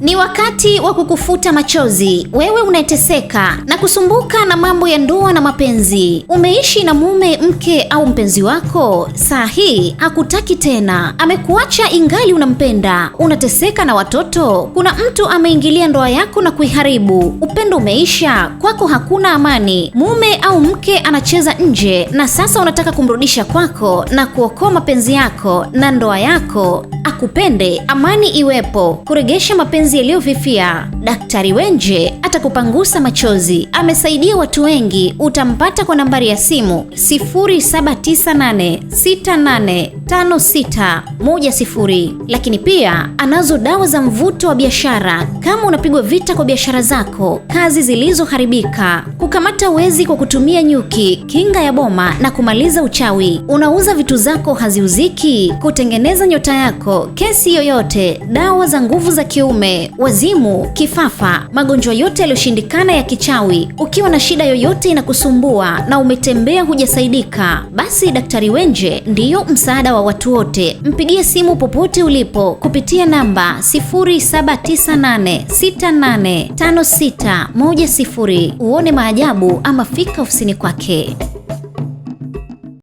Ni wakati wa kukufuta machozi. Wewe unayeteseka na kusumbuka na mambo ya ndoa na mapenzi, umeishi na mume, mke au mpenzi wako, saa hii hakutaki tena, amekuacha ingali unampenda. Unateseka na watoto, kuna mtu ameingilia ndoa yako na kuiharibu. Upendo umeisha, kwako hakuna amani. Mume au mke anacheza nje, na sasa unataka kumrudisha kwako na kuokoa mapenzi yako na ndoa yako akupende, amani iwepo, kuregesha mapenzi yaliyofifia. Daktari Wenje atakupangusa machozi, amesaidia watu wengi. Utampata kwa nambari ya simu 0798685610. Lakini pia anazo dawa za mvuto wa biashara, kama unapigwa vita kwa biashara zako, kazi zilizoharibika, kukamata wezi kwa kutumia nyuki, kinga ya boma na kumaliza uchawi. Unauza vitu zako haziuziki, kutengeneza nyota yako kesi yoyote, dawa za nguvu za kiume, wazimu, kifafa, magonjwa yote yaliyoshindikana ya kichawi. Ukiwa na shida yoyote inakusumbua na umetembea hujasaidika, basi Daktari Wenje ndiyo msaada wa watu wote. Mpigie simu popote ulipo kupitia namba 0798685610 uone maajabu ama fika ofisini kwake.